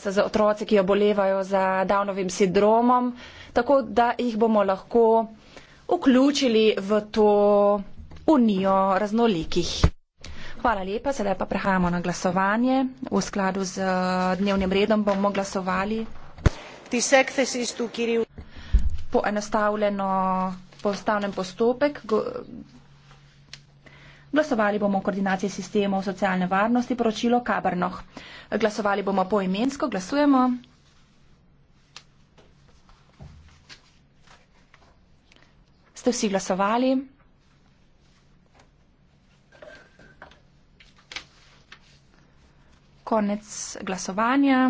za otroce, ki obolevajo za Downovim sindromom, tako da jih bomo lahko vključili v to unijo raznolikih. Hvala lepa, sedaj pa prehajamo na glasovanje. V skladu z eh, dnevnim redom bomo glasovali. Poenostavljeno postavnem postopek. Go, Glasovali bomo o koordinaciji sistemov socialne varnosti, poročilo Kabrnoh. Glasovali bomo poimensko, glasujemo. Ste vsi glasovali? Konec glasovanja.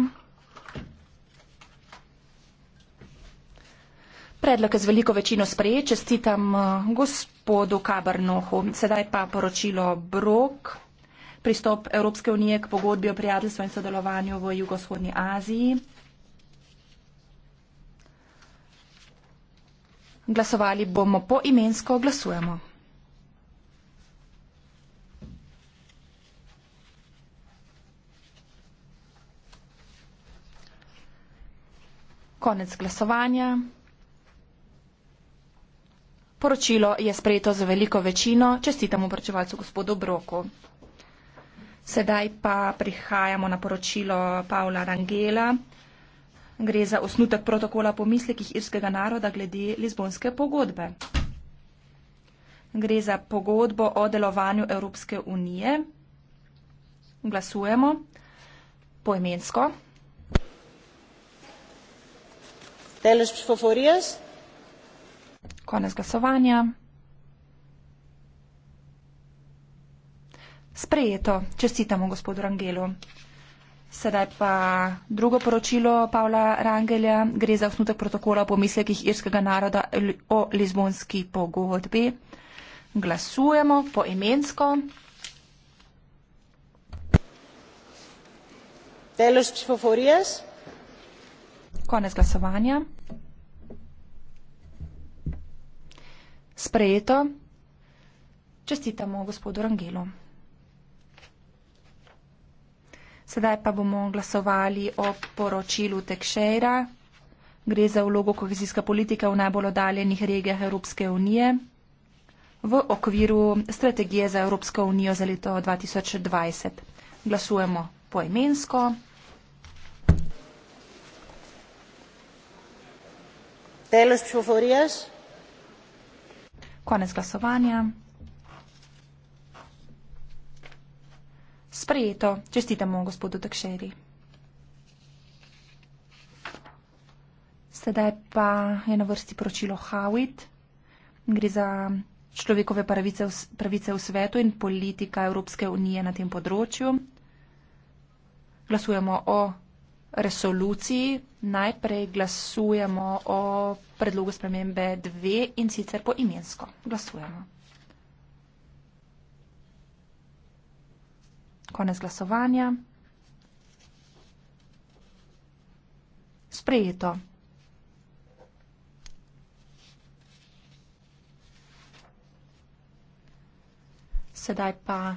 predlog je z veliko večino sprejet. Čestitam eh, gospodu Kabrnohu. Sedaj pa poročilo Brok. Pristop Evropske unije k pogodbi o prijateljstvu in sodelovanju v jugoshodni Aziji. Glasovali bomo po imensko, glasujemo. Konec glasovanja. Poročilo je sprejeto z veliko večino. Čestitam obračevalcu gospodu Broku. Sedaj pa prihajamo na poročilo Pavla Rangela. Gre za osnutek protokola pomislekih irskega naroda glede Lizbonske pogodbe. Gre za pogodbo o delovanju Evropske unije. Glasujemo poimensko. Teles Foforijas. Konec glasovanja. Sprejeto. Čestitamo gospodu Rangelu. Sedaj pa drugo poročilo Pavla Rangelja. Gre za osnutek protokola o pomislekih irskega naroda o lizbonski pogodbi. Glasujemo poimensko. Delos psihoforijas. Konec glasovanja. sprejeto. Čestitamo gospodu Rangelu. Sedaj pa bomo glasovali o poročilu Tekšera. Gre za vlogo kohezijske politike v najbolj oddaljenih regijah Evropske unije v okviru strategije za Evropsko unijo za leto 2020. Glasujemo poimensko. Delos Čuforijas. Konec glasovanja. Sprejeto. Čestitamo gospodu Takšeri. Sedaj pa je na vrsti poročilo Hawit. Gre za človekove pravice v, pravice v svetu in politika Evropske unije na tem področju. Glasujemo o resoluciji. Najprej glasujemo o predlogu spremembe dve in sicer po imensko. Glasujemo. Konec glasovanja. Sprejeto. Sedaj pa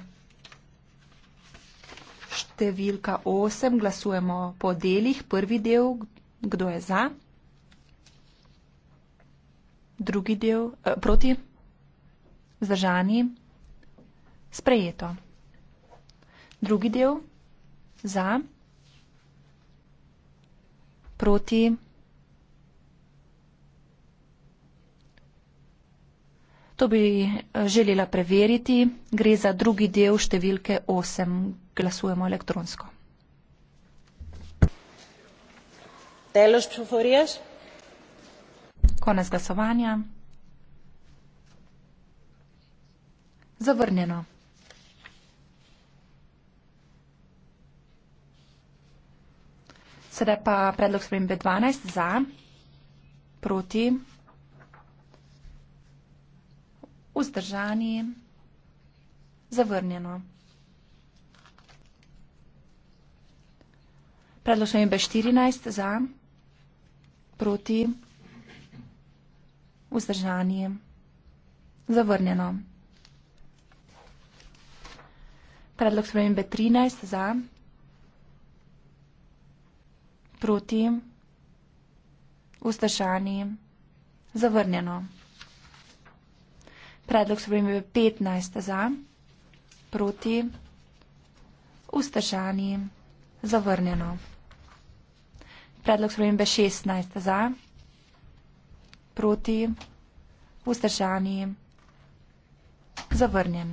številka 8, glasujemo po delih. Prvi del, kdo je za? Drugi del, eh, proti? Zdržani? Sprejeto. Drugi del, za? Proti? To bi eh, želela preveriti. Gre za drugi del številke 8 glasujemo elektronsko. Delož Pšoforijaš. Konec glasovanja. Zavrnjeno. Sedaj pa predlog spremembe 12 za, proti, vzdržani, zavrnjeno. Predlog spremembe štirinajst za, proti, vzdržani, zavrnjeno. Predlog spremembe trinajst za, proti, vzdržani, zavrnjeno. Predlog spremembe petnajst za, proti, vzdržani, zavrnjeno. Predlog spremembe šestnajst za, proti, vzdržani, zavrnjen.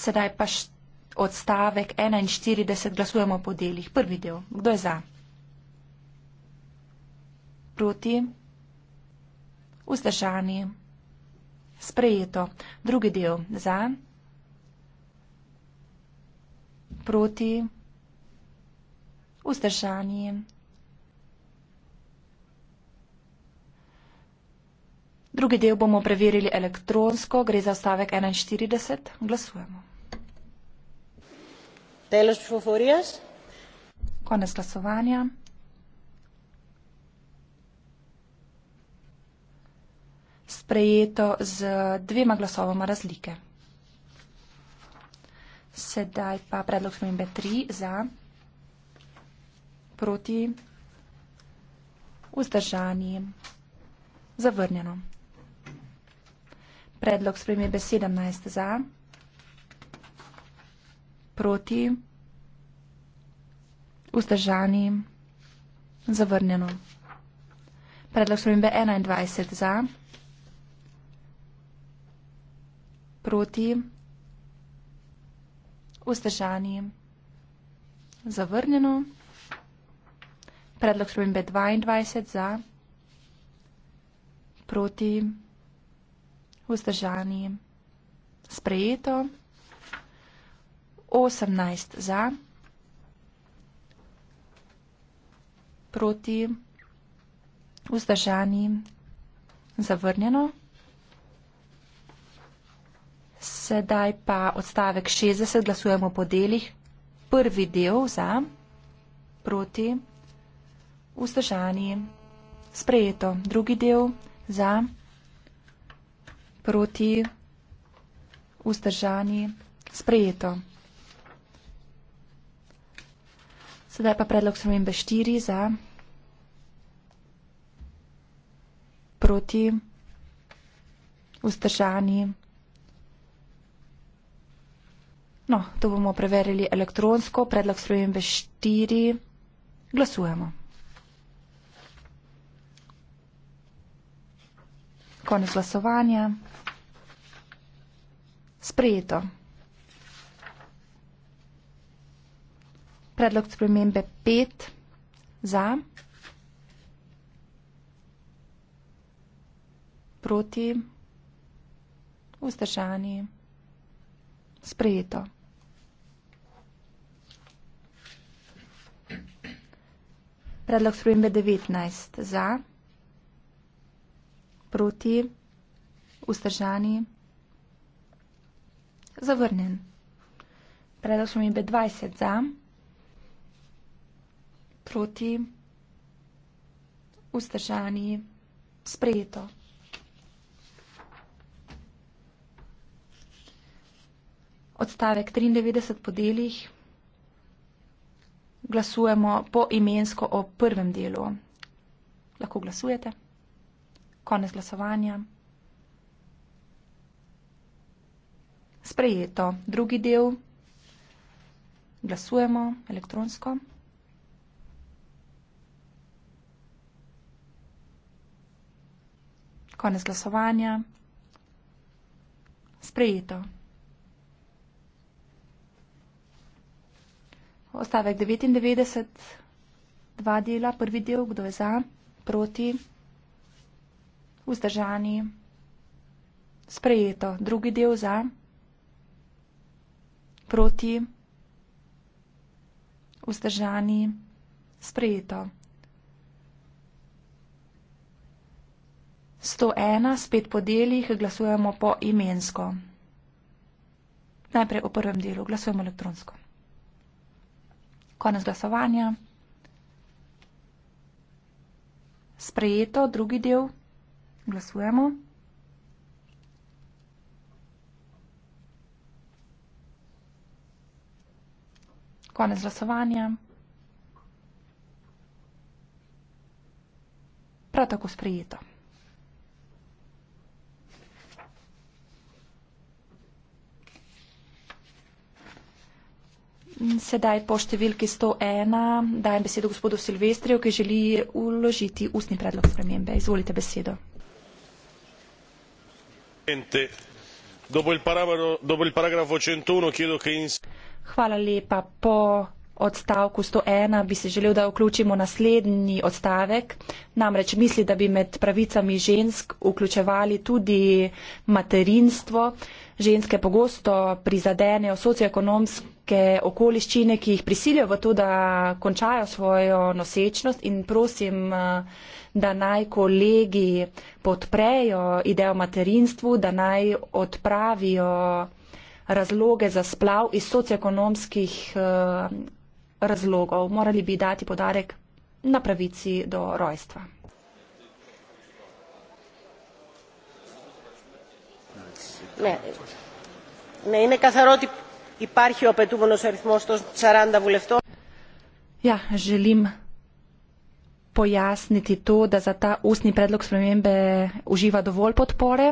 Sedaj pa odstavek enainštirideset, glasujemo po delih. Prvi del, kdo je za? Proti, vzdržani, sprejeto. Drugi del, za, proti, vzdržani vzdržani. Drugi del bomo preverili elektronsko, gre za stavek 41. Glasujemo. Konec glasovanja. Sprejeto z dvema glasovoma razlike. Sedaj pa predlog smembe 3 za proti, vzdržani, zavrnjeno. Predlog spremembe 17 za, proti, vzdržani, zavrnjeno. Predlog spremembe 21 za, proti, vzdržani, zavrnjeno. Predlog spremembe 22 za, proti, vzdržani, sprejeto. 18 za, proti, vzdržani, zavrnjeno. Sedaj pa odstavek 60, glasujemo po delih. Prvi del za, proti, vzdržani vzdržani. Sprejeto. Drugi del za, proti, vzdržani. Sprejeto. Sedaj pa predlog spremembe 4 za, proti, vzdržani. No, to bomo preverili elektronsko. Predlog spremembe 4. Glasujemo. Konec glasovanja. Sprejeto. Predlog spremembe 5 za. Proti. Vzdržani. Sprejeto. Predlog spremembe 19 za. Predlog spremembe 19 za proti, vzdržani, zavrnjen. Predlog smo imeli 20 za, proti, vzdržani, sprejeto. Odstavek 93 po delih. Glasujemo po imensko o prvem delu. Lahko glasujete. Konec glasovanja. Sprejeto. Drugi del. Glasujemo elektronsko. Konec glasovanja. Sprejeto. Ostavek 99. Dva dela. Prvi del. Kdo je za? Proti vzdržani, sprejeto, drugi del za, proti, vzdržani, sprejeto. 101, spet po delih, glasujemo po imensko. Najprej v prvem delu, glasujemo elektronsko. Konec glasovanja. Sprejeto, drugi del. Glasujemo. Konec glasovanja. Prav tako sprejeto. Sedaj po številki 101 dajem besedo gospodu Silvestriju, ki želi uložiti ustni predlog spremembe. Izvolite besedo presidente dopo il paragrafo centuno chiedo che in Hvala lepa. Po odstavku 101 bi se želel, da vključimo naslednji odstavek. Namreč misli, da bi med pravicami žensk vključevali tudi materinstvo. Uh, ženske pogosto prizadenejo socioekonomsko okoliščine, ki jih prisilijo v to, da končajo svojo nosečnost in prosim, eh, da naj kolegi podprejo idejo o materinstvu, da naj odpravijo razloge za splav iz socioekonomskih eh, razlogov. Morali bi dati podarek na pravici do rojstva. Ναι. ναι, είναι καθαρό ότι υπάρχει ο απαιτούμενο αριθμό των 40 βουλευτών. Ja, želim pojasniti to, da za ta ustni predlog spremembe uživa dovolj podpore.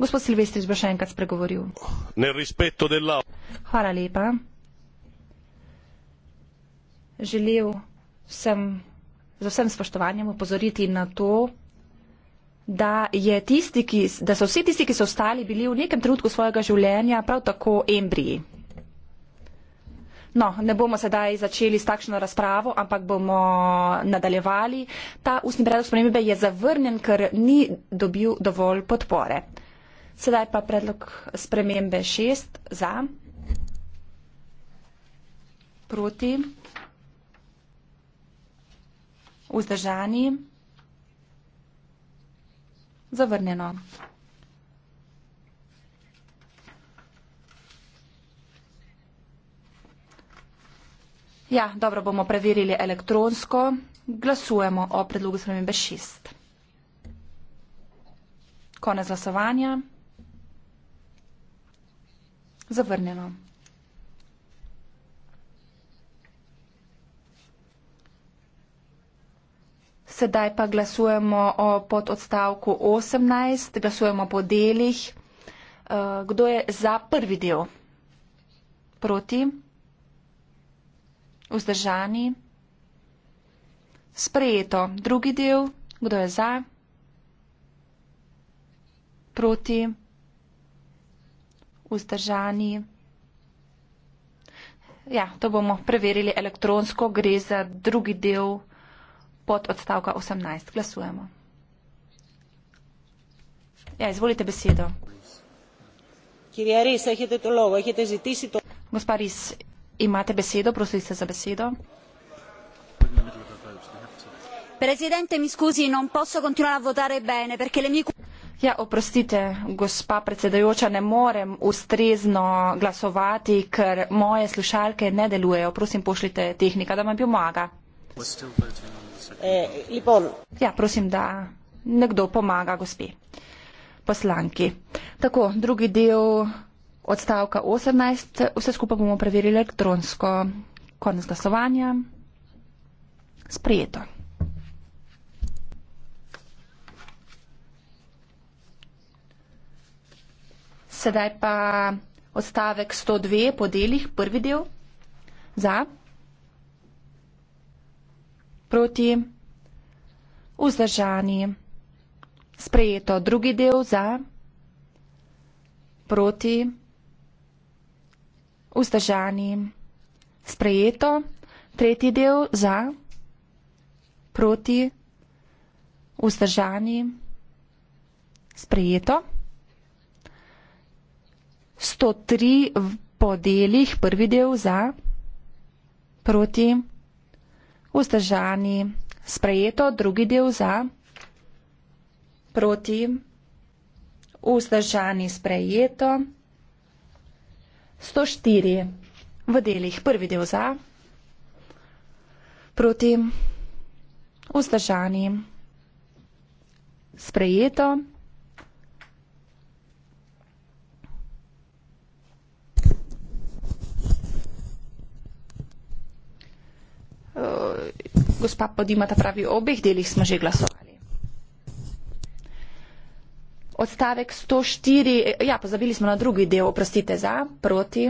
Gospod Silvestrič bo še enkrat spregovoril. Hvala lepa. Želel sem z vsem spoštovanjem upozoriti na to, da, tisti, ki, da so vsi tisti, ki so ostali, bili v nekem trenutku svojega življenja prav tako embriji. No, ne bomo sedaj začeli s takšno razpravo, ampak bomo nadaljevali. Ta ustni predlog spremembe je zavrnjen, ker ni dobil dovolj podpore. Sedaj pa predlog spremembe šest za. Proti vzdržani. Zavrnjeno. Ja, dobro, bomo preverili elektronsko. Glasujemo o predlogu spremembe 6. Konec glasovanja. Zavrnjeno. Sedaj pa glasujemo o pododstavku 18, glasujemo po delih. Eh, kdo je za prvi del? Proti? Vzdržani? Sprejeto. Drugi del? Kdo je za? Proti? Vzdržani? Ja, to bomo preverili elektronsko. Gre za drugi del pod odstavka 18. Glasujemo. Ja, izvolite besedo. Gospa Ris, imate besedo, prosili ste za besedo. Predsedente, mi skuzi, non posso continuare a votare bene, perché le mie... Ja, oprostite, gospa predsedajoča, ne morem ustrezno glasovati, ker moje slušalke ne delujejo. Prosim, pošljite tehnika, da vam pomaga. We're still voting. Ε, λοιπόν. Για, prosim, da nekdo pomaga, gospe. Poslanki. Tako, drugi del odstavka 18. Vse skupaj bomo preverili elektronsko. Konec glasovanja. Sprijeto. Sedaj pa odstavek 102 po delih, prvi del. Za proti, vzdržani. Sprejeto drugi del za, proti, vzdržani. Sprejeto tretji del za, proti, vzdržani. Sprejeto. 103 v podeljih, prvi del za, proti, vzdržani vzdržani. Sprejeto drugi del za, proti, vzdržani sprejeto. 104 v delih prvi del za, proti, vzdržani sprejeto. Eh, gospa Podimata pravi, o obeh delih smo že glasovali. Odstavek 104, eh, ja, pozabili smo na drugi del, oprostite za, proti,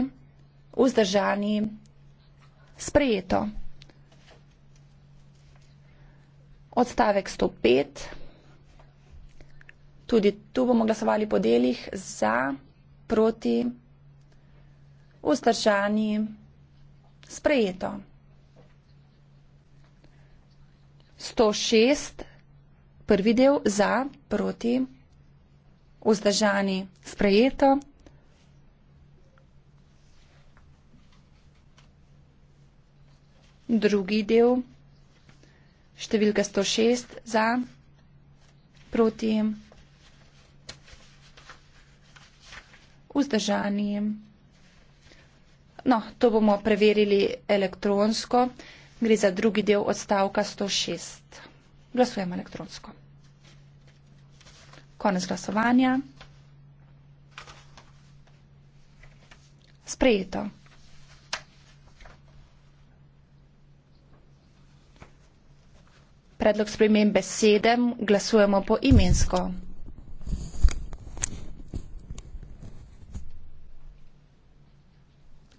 vzdržani, sprejeto. Odstavek 105, tudi tu bomo glasovali po delih za, proti, vzdržani, sprejeto. 106, prvi del za, proti, vzdržani, sprejeto. Drugi del, številka 106 za, proti, vzdržani. No, to bomo preverili elektronsko. Gre za drugi del odstavka 106. Glasujemo elektronsko. Konec glasovanja. Sprejeto. Predlog spremembe 7 glasujemo po imensko.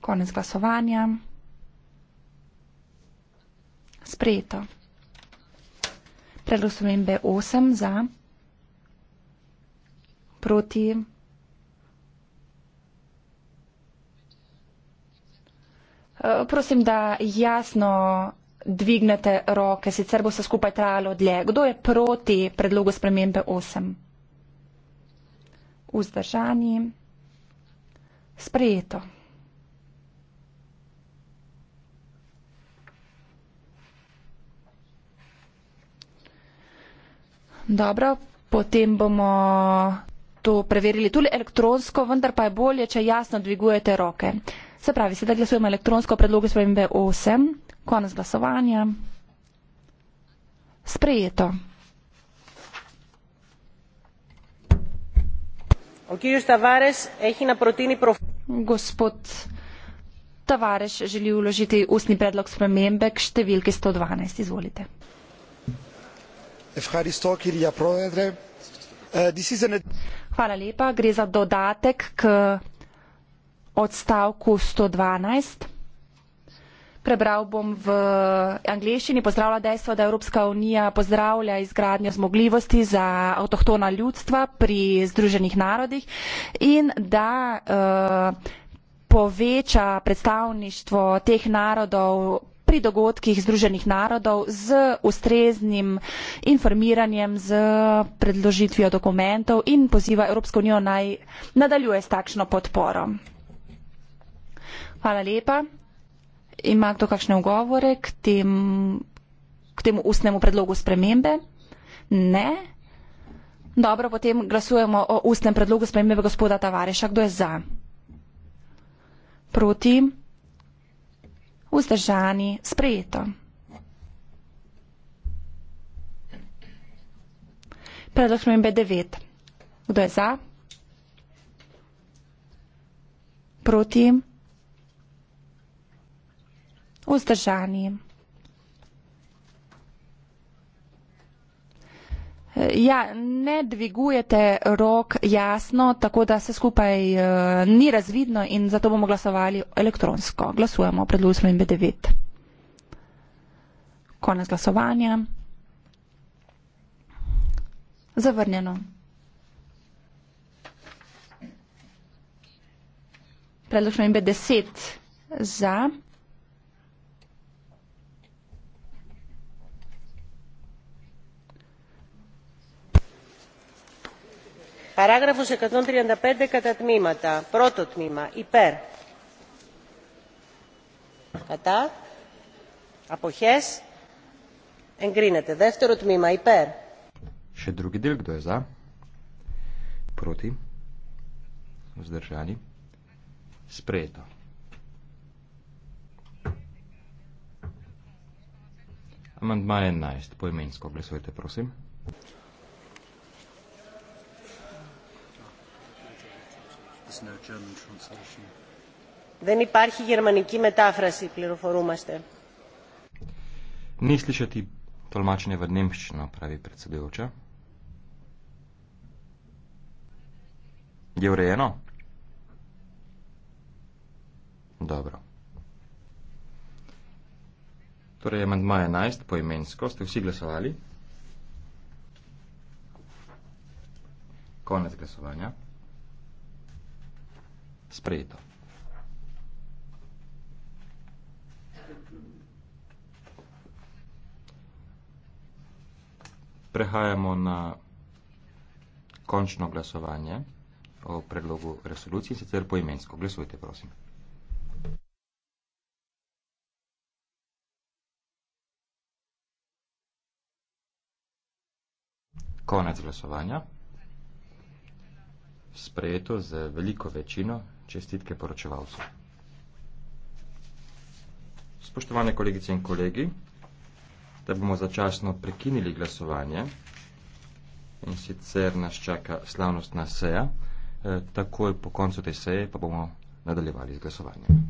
Konec glasovanja sprejeto. Predlog spremembe 8 za, proti. Eh, prosim, da jasno dvignete roke, sicer bo se skupaj trajalo dlje. Kdo je proti predlogu spremembe 8? Vzdržani. Sprejeto. Dobro, potem bomo to preverili tudi elektronsko, vendar pa je bolje, če jasno dvigujete roke. Se pravi, sedaj glasujemo elektronsko predloge spremembe 8. Konec glasovanja. Sprejeto. Gospod Tavares želi uložiti ustni predlog spremembe k številki 112. Izvolite. Eh, gre za dodatek k odstavku sto dvanajst prebral bom v angleščini pozdravlja dejstvo da evropska unija pozdravlja izgradnjo zmogljivosti za avtohtona ljudstva pri združenih narodih in da eh, poveča predstavništvo teh narodov pri dogodkih Združenih narodov z ustreznim informiranjem, z predložitvijo dokumentov in poziva Evropsko unijo naj nadaljuje s takšno podporo. Hvala lepa. Ima kdo kakšne ugovore k, tem, k temu ustnemu predlogu spremembe? Ne. Dobro, potem glasujemo o ustnem predlogu spremembe gospoda Tavareša. Kdo je za? Proti? vzdržani, sprejeto. Predlog smembe 9. Kdo je za? Proti? Vzdržani. Ja, ne dvigujete rok jasno, tako da se skupaj uh, ni razvidno in zato bomo glasovali elektronsko. Glasujemo pred Lusmo in B9. Konec glasovanja. Zavrnjeno. Predložno ime 10 za. παράγραφος εκατόν τριάντα πέντε κατά τμήματα πρώτο τμήμα υπέρ κατά αποχές εγκρίνεται δεύτερο τμήμα υπέρ σε δρούγκι δίλγκτο εζά πρώτη σδερσάνη σπρέτο Amandma 11, poimensko glasujte, prosim. No Δεν υπάρχει γερμανική μετάφραση, πληροφορούμαστε. Νίσλησε τι τολμάτσινε βερνίμψη να πράβει πρετσεδεύωτσα. Γεωρέενο. Добро. Torej, amandma 11, poimensko, ste vsi glasovali? Konec glasovanja sprejeto. Prehajamo na končno glasovanje o predlogu resolucije, sicer poimensko. Glasujte, prosim. Konec glasovanja. Sprejeto z veliko večino Čestitke poročevalcu. Spoštovane kolegice in kolegi, da bomo začasno prekinili glasovanje in sicer nas čaka slavnostna seja, eh, takoj po koncu te seje pa bomo nadaljevali z glasovanjem.